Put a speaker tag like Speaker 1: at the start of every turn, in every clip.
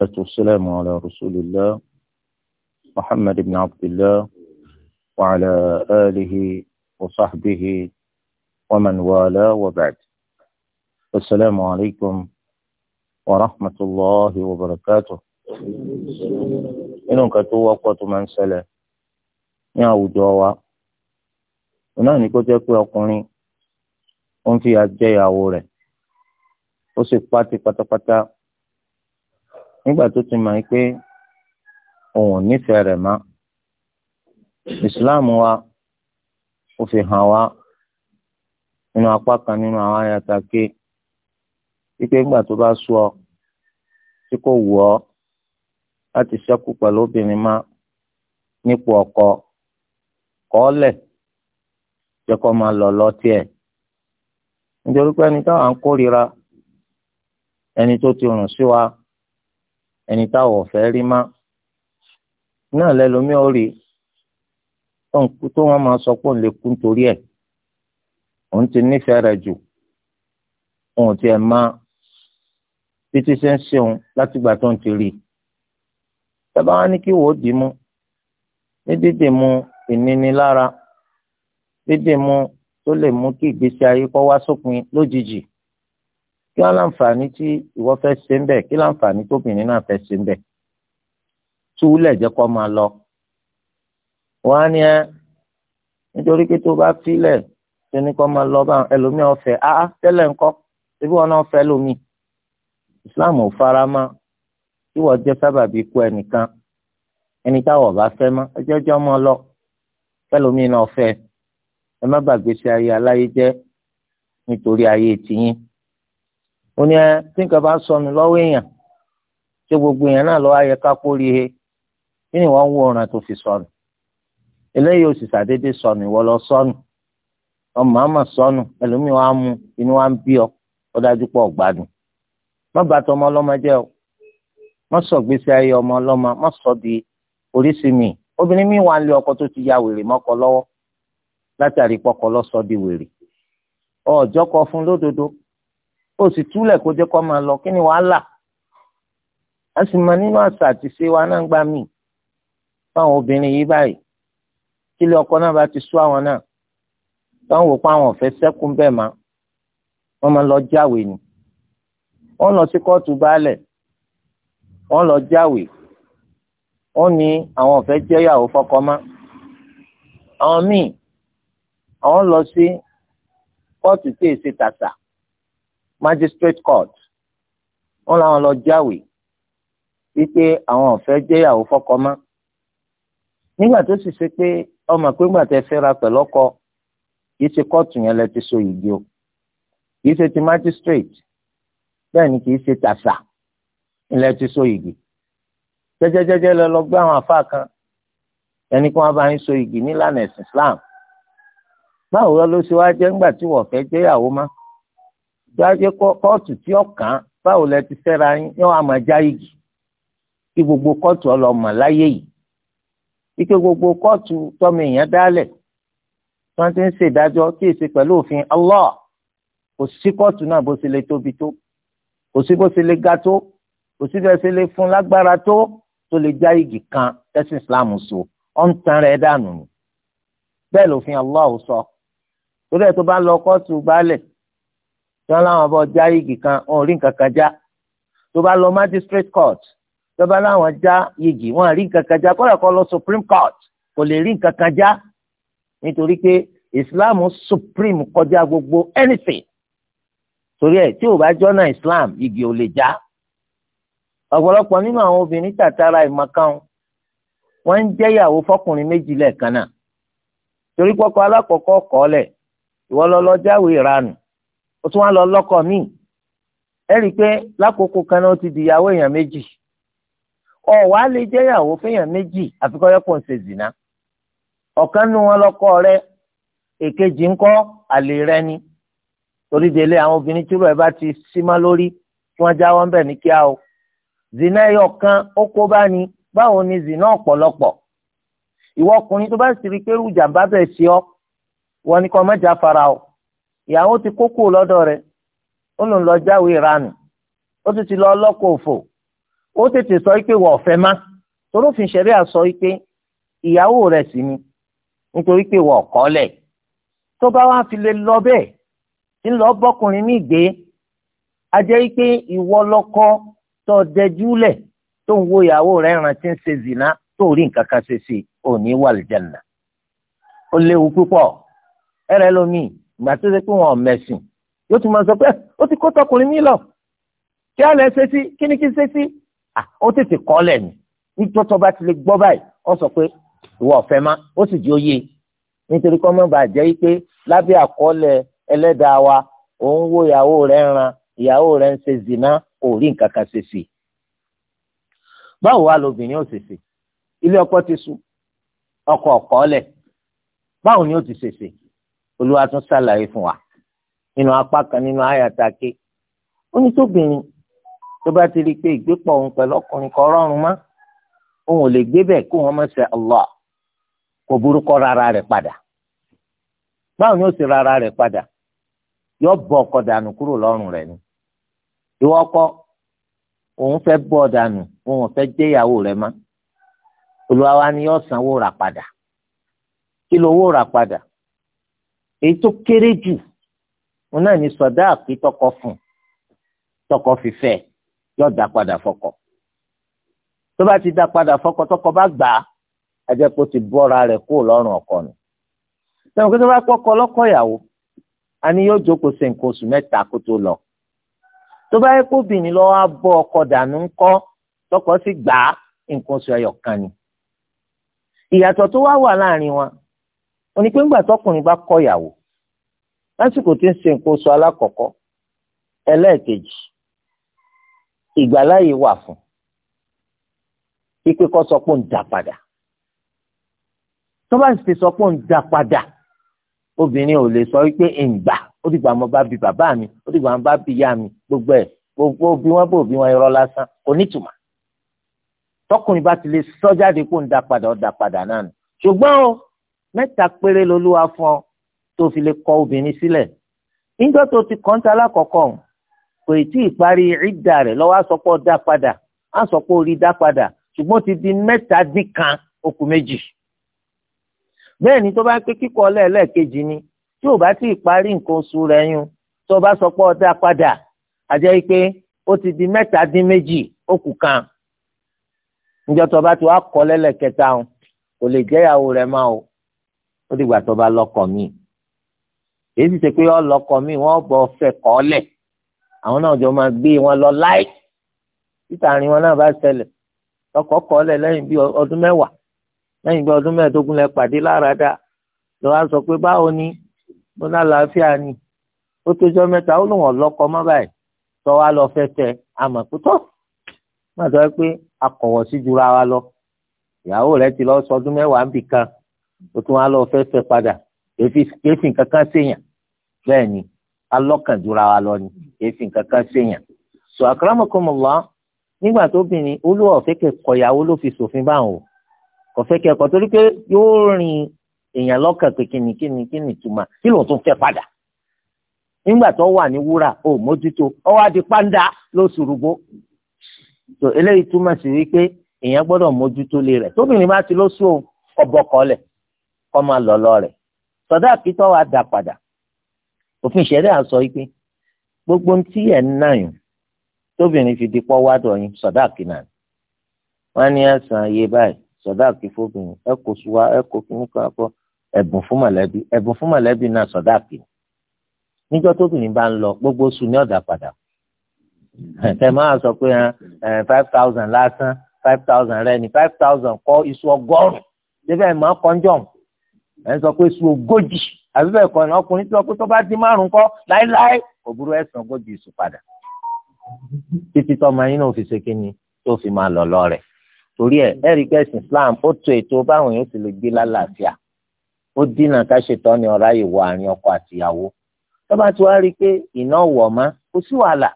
Speaker 1: والسلام على رسول الله محمد بن عبد الله وعلى آله وصحبه ومن والاه وبعد السلام عليكم ورحمة الله وبركاته inú nǹkan tó wọ́pọ̀ tó máa ń ṣẹlẹ̀ ní àwùjọ wa náà ní kó jẹ́ nígbà tó ti mọ̀ pé òun nífẹ̀ẹ́ rẹ̀ mọ́ islam wa ó fi hàn wá nínú apá kan nínú àwọn ayàtà ké wípé nígbà tó bá sú ọ tí kò wù ọ láti ṣẹ́kù pẹ̀lú obìnrin má nípò ọkọ kọ́ọ́lẹ̀ jẹ́ kó máa lọ lọ tiẹ̀ nítorí pé ẹni táwọn ń kórira ẹni tó ti rùn sí wa. Si ẹni táwọn ọ̀fẹ́ rí má náà lẹ́lòmí ó rí tó wọ́n máa sọ pé òun lè kú nítorí ẹ̀ òun ti nífẹ̀ẹ́ rẹ̀ jù òun tiẹ̀ máa títí ṣe ń ṣeun látìgbà tó ń ti rí i tẹ́bá wá ní kí wò ó dì í mú ní dídì mú ìnínilára dídì mú tó lè mú kí ìgbésí ayé kọ́ wá sópin lójijì kí wọn láǹfààní tí ìwọ fẹ́ ṣe ń bẹ kí láǹfààní tóbìnrin náà fẹ́ ṣe ń bẹ túlẹ̀ jẹ́ kó máa lọ. wọ́n á ní ẹ nítorí pé tó bá fílẹ̀ tó ní kó máa lọ bá ẹlòmíì ọ̀fẹ́ á tẹ́lẹ̀ ńkọ́ ebi wọn náà fẹ́ lómi. Islam ò fara mọ́ kí wọ́n jẹ́ sábàbí ikú ẹnìkan ẹni táwọ̀ bá fẹ́ mọ́ ẹjọ́ jọ́ mọ́ lọ ẹlòmíì náà ẹ má bàgbé sí ayé aláyé jẹ́ nítorí ayé tìyín. ó ní ẹ tí nǹkan bá sọnù lọ́wọ́ èèyàn ṣé gbogbo èèyàn náà lọ́wọ́ ayẹ ká kórè he kí ni wọ́n ń wo ọ̀ràn tó fi sọnù eléyìí ò sì ṣàdédé sọnù ìwọ lọ sọnù ọmọ àmà sọnù ẹlòmíì wàá mú inú wa bí ọ ó dájú pọ̀ gbádùn má bàtà ọmọ ọlọ́mọ jẹ́ o má sọ gbèsè ayé ọmọ ọlọ́mọ má sọ di oríṣi mi obìnrin mi wà ń lé ọkọ tó ti ya wèrè mọ́kọ lọ́wọ́ látàrí pọkọ lọ́sọ di wèrè ọjọ́ kọ fún lódodo ó sì túlẹ̀ kó jẹ́ kó máa lọ kí ni wàhálà a sì mọ nínú àṣà àti ṣe wa náà gbà mí fáwọn obìnrin yìí báyìí kílé ọkọ náà bá ti sú àwọn náà táwọn wò pa àwọn ọ̀fẹ́ sẹ́kùn bẹ́ẹ̀ ma wọ́n máa lọ jáwé ni wọ́n lọ sí kóòtù baálẹ̀ wọ́n lọ jáwé wọ́n ní àwọn ọ̀fẹ́ jẹ́yàwó fọkọ mọ́ àwọn míì àwọn lọ sí kóòtù tí èsì tàtà magistrate court wọ́n làwọn lọ jáwé wípé àwọn ọ̀fẹ́ jẹ́yàwó fọ́kọ mọ́ nígbà tó sì ṣe pé ọmọ pé ńgbà tẹ fẹ́ra pẹ̀lú ọkọ kì í ṣe kóòtù yẹn lẹ ti so ìdí o kì í ṣe ti magistrate bẹ́ẹ̀ ni kì í ṣe tàṣà ilẹ̀ ti so igi jẹ́jẹ́jẹ́jẹ́ lọ lọ gbé àwọn àfáà kan ẹni kí wọ́n bá ń so igi nílànà ẹ̀sìn Islam báwo lọ ló ṣe wá jẹ́ ńgbà tí wọ́n fẹ́ jẹ́yàwó máa jáde kóòtù tí ó kàn án báwo lẹ ti fẹ́ra yín yóò àmọ́ já igi kí gbogbo kóòtù ọlọ́mọ láyé yìí ike gbogbo kóòtù tọ́mọ èèyàn dálẹ̀ tí wọ́n ti ń ṣèdájọ́ tí èsì pẹ̀lú òfin Allah kò sí kóòtù náà bó ṣe lè tóbi tó kò sí bó ṣe lè ga tó kò sí bẹ́ẹ̀ ṣe lè fún lágbára tó tó lè já igi kan tẹ́sí Islam so ọ̀ ń tan rẹ̀ dànù bẹ́ẹ̀ lófin Allah sọ torí ẹ̀ tó bá lọ kóòtù baálẹ̀ tí wọ́n láwọn bọ́ já igi kan wọn ò rí nǹkan kan já tó bá lọ magistrate court tó bá láwọn já yigi, wọn ò rí nǹkan kan já kọ́lá kọ́ lọ supreme court kò lè rí nǹkan kan já nítorí pé islam supreme kọjá gbogbo anything torí ẹ̀ tí ò bá jọ́nà islam igi ò lè já ọ̀pọ̀lọpọ̀ nínú àwọn obìnrin tàtàrà ìmọ̀kan wọ́n ń jẹ́yàwó fọkùnrin méjì lẹ́ẹ̀kan náà torí pọ́kọ alákọ̀ọ́kọ́ kọ́ lẹ̀ ìwọ jáwé ìranù otu tún wá lọ lọkọ míì ẹ rí i pé lákòókò kan náà ó ti di ìyàwó èèyàn méjì ó wá lè jẹ́ ìyàwó méjì ń ṣe zìnà ọ̀kan wọn lọkọ rẹ èkejì ńkọ́ àlè rẹ ni torí délé àwọn obìnrin tí irú bá ti símá lórí tí wọ́n jáwọ́ ńbẹ̀ o zìnà ẹyọ kan ó kó bá ní ni zìnà ọ̀pọ̀lọpọ̀ ìwọ ọkùnrin tó bá sì rí i pé ọ wọn ni ìyàwó ti kókó lọ́dọ̀ rẹ̀ ó lòun lọ jáwé ranù ó ti ti lọ ọlọ́kọ̀ òfò ó tètè sọ pé wọ́n ọ̀fẹ́ má torófin ṣẹ̀rí àsọ pé ìyàwó rẹ̀ sì ni nítorí pé wọ́n ọ̀kọ́lẹ̀ tó bá wá fi lè lọ bẹ́ẹ̀ tí ń lọ bọ́kùnrin ní ìgbé a pé ìwọ lọ́kọ tó dẹjúlẹ̀ tó ń wo ìyàwó rẹ̀ rántí ń ṣe zìnà tó rí nǹkan kan ṣe sí òní wàlìjẹ̀nà ó léwu púpọ̀ ẹ̀rẹ́ lómi ìgbà tó ṣe pé wọn ò mẹ̀sìn yóò tún máa sọ pé eh, ó ti kó tọkùnrin mi lọ kí á lẹ ṣe sí kí ni kí ṣe sí à ó tètè kọ́ lẹ̀ ni nítorí tó bá ti lè gbọ́ báyìí ó sọ pé ìwọ ọ̀fẹ́ má ó sì di oyè nítorí kọ́ mọ́ bàá jẹ́ pé lábẹ́ àkọọ́lẹ̀ ẹlẹ́dàá wa òun wo ìyàwó rẹ̀ ń ran ìyàwó rẹ̀ ń ṣe zina kò rí nǹkan kan ṣe sí i báwo wá lobìnrin ó ṣèṣe ilé ọkọ ti sú ọkọ ọkọ báwo ni ó ti ṣèṣe olúwa tún ṣàlàyé fún wa nínú apá kan nínú àyàtàkè ó ní tóbìnrin tó bá ti rí i pé ìgbépọ̀ òun pẹ̀lú ọkùnrin kan rọrùn mọ́ òun ò lè gbé bẹ́ẹ̀ kó wọn má ṣe kò burúkọ rárá yọ bọ ọkọ dànù kúrò lọ́rùn rẹ̀ ni ìwọ ọkọ òun fẹ́ dànù òun fẹ́ jẹ́ ìyàwó rẹ̀ mọ́ olúwa wa ni yọ sanwó rà padà èyí tó kéré jù òun náà ní sọdá àpé tọkọ fún tọkọ fífẹ́ yóò dá padà fọ́kọ tó bá ti dá padà fọ́kọ tọkọ bá gbà á ajẹpọ ti bọ́ra rẹ̀ kó lọ́rùn ọkọ nù sẹ́wọ̀n kí tó bá kọ́kọ́ lọ́kọ ìyàwó àní yóò jókòó ṣe nǹkan oṣù mẹ́ta kó tó lọ tó bá yẹ kóbìnrin lọ́wọ́ á bọ́ ọkọ dànù ńkọ́ tọkọ sì gbà á nǹkan oṣù ẹyọ kan ni ìyàtọ̀ tó wá wà láàrin wọn òní pé ńgbà tọkùnrin bá kọ ìyàwó lásìkò tí ń ṣe nǹkan oṣù alákọ̀ọ́kọ́ ẹlẹ́ẹ̀kejì ìgbàláyè wà fún ipe kọ́ sọ pé ń dá padà tó bá sì sọ pé ń dá padà obìnrin ò lè sọ wípé ìgbà ó dìgbà mo bá bi bàbá mi ó dìgbà mo bá bi ìyá mi gbogbo ẹ̀ gbogbo bí wọ́n bò bí wọ́n irọ́ lásán kò nítumọ̀ tọkùnrin bá ti lè sọ jáde kó ń dá padà ó dá padà náà ṣùgbọ́n o mẹ́ta péré lolúwa fún ọ tó fi lè kọ obìnrin sílẹ̀ níjọ́ tó ti kọ́ńtà lákọ̀ọ́kọ́ kò tí ì parí ìdá rẹ̀ lọ́wọ́ àsọpọ̀ dá padà àsọpọ̀ orí dá padà ṣùgbọ́n ti di mẹ́ta dín kan okùn méjì bẹ́ẹ̀ ni tó bá pé kíkọ́ lẹ́ẹ̀lẹ́ẹ̀kejì ni tí ò bá tí ì parí nǹkan oṣù rẹ̀ yun tó bá sọpọ̀ dá padà àjẹ́ pé ó ti di mẹ́ta dín méjì okùn kan níjọ́ tó bá ti wá kọ́ lẹ́lẹ́kẹta o kò lè jẹ́yàwó rẹ̀ máa o ó dìgbà tó bá lọ́kọ mi èyí sì ṣe pé ọ lọ́kọ mi wọ́n bọ̀ fẹ́ kọ́ lẹ̀ àwọn náà jọ máa gbé wọn lọ láì títàrin wọn náà bá ṣẹlẹ̀ lọ́kọ kọ́ lẹ̀ lẹ́yìn bí ọdún mẹ́wàá lẹ́yìn bí ọdún mẹ́ẹ̀ẹ́dógún lẹ pàdé lára dá lọ́wọ́ sọ pé báwo ni mo ná làáfíà ni ó tójọ́ mẹ́ta ó lóun ọ̀lọ́kọ mọ́ báyìí tọ́ wa lọ fẹ́ tẹ amọ̀kútọ́ má sọ pé akọ̀wọ̀ sí jura wa lọ ìyàwó rẹ ti lọ sọdún mẹ́wàá níbì o tún wá lọ fẹ́ fẹ́ padà èéfì kankan séèyàn bẹ́ẹ̀ ni wa lọ ni kankan séèyàn sọ nígbà tó olúwa ọ̀fẹ́ ìyàwó ló fi rin èèyàn lọ́kàn pé kíni kíni kíni kí ló tún fẹ́ wà ní wúrà mójútó pàǹdà eléyìí túmọ̀ sí wípé èèyàn gbọ́dọ̀ mójútó lé rẹ̀ tóbìnrin kọ́ máa lọ lọ rẹ̀ sọdá àpítọ́ wa dà padà òfin ìṣẹ̀lẹ̀ à ń sọ wípé gbogbo ń tí ẹ̀ ń náyùn tóbìnrin fi di pọ́ wádọ̀ yín sọdá àkínà ni wọ́n ní ẹ̀sán iye báyìí sọdá àkífóbìnrin ẹ kò suwa ẹ kò kíní kan kọ ẹ̀bùn fún mọ̀lẹ́bí ẹ̀bùn fún mọ̀lẹ́bí náà sọdá àkínà níjọ́ tóbìnrin bá ń lọ gbogbo sùn ní ọ̀dà padà tẹ máa sọ pé five thousand lásán five thousand rẹ ni five thousand kọ́ iṣu ọgọ́rùn-ún débẹ̀ máa kọ́ńjọ́n ẹ̀ ń sọ pé sùn ogójì àbí bẹ́ẹ̀ kọ́ ni ọkùnrin tí wọ́n pé tó bá dín márùn kọ́ láéláé òbúrú ẹ̀sán ogójì sùn padà títí tọ́mọ yín náà fi ṣe kí ni tó fi máa lọ lọ́rẹ̀ torí ẹ̀ ẹ̀rí kẹ́sìn Islam ó to ètò báwọn yóò ti lè gbé lálàáfíà ó dínà ká ṣètọ́ ni ọ̀rá ìwọ àárín ọkọ àtìyàwó tó bá ti wá rí i pé iná wọ̀ mọ́ kò sí wàhálà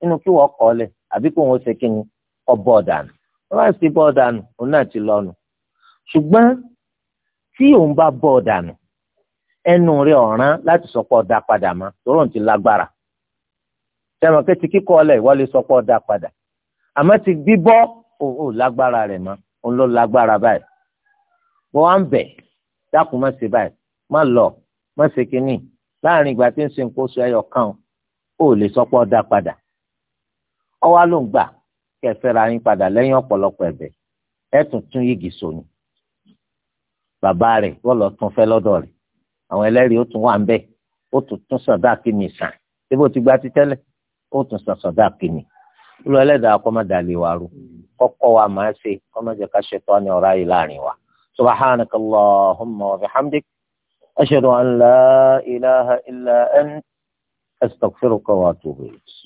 Speaker 1: nínú kí wọ́n kọ́ lẹ̀ àbí kò wọ́n ṣe kí ni kọ́ bọ́ọ̀dà nù wọ́n bá sì bọ́ọ̀dà nù òun náà ti lọ́nu ṣùgbọ́n tí òun bá bọ ọ̀dànù ẹnu rẹ ọ̀ràn láti sọpọ ọ̀dà padà tóró ti lágbára sẹ́wọ̀n pé ti kíkọ́ ọlẹ̀ ìwọ́lé sọpọ ọ̀dà padà ti gbígbọ́ ò lágbára rẹ mọ́ òun ló lágbára báyìí ń dákun má ṣe báyìí má lọ má ṣe kínní láàrin ìgbà tí ń ẹyọ kan ò lè padà ọwá ló ń gbà bàbá rẹ̀ wọ́n lọ tún fẹ́ lọ́dọ̀ rẹ̀ àwọn ẹlẹ́rìí ó tún wà ń bẹ̀ ó tún tún sọ̀dá kìíní sàn ṣé bó ti gba ti tẹ́lẹ̀ ó tún sàn sọ̀dá kìíní olú ẹlẹ́dàá kọ́ má dàlẹ́ wa rú kọ́kọ́ wa máa ṣe kọ́ má jẹ́ ká ṣe tọ́ ni ọ̀rá yìí láàrin wa subhanakallahumma wa bihamdik ashhadu an la ilaha illa ant astaghfiruka wa atubu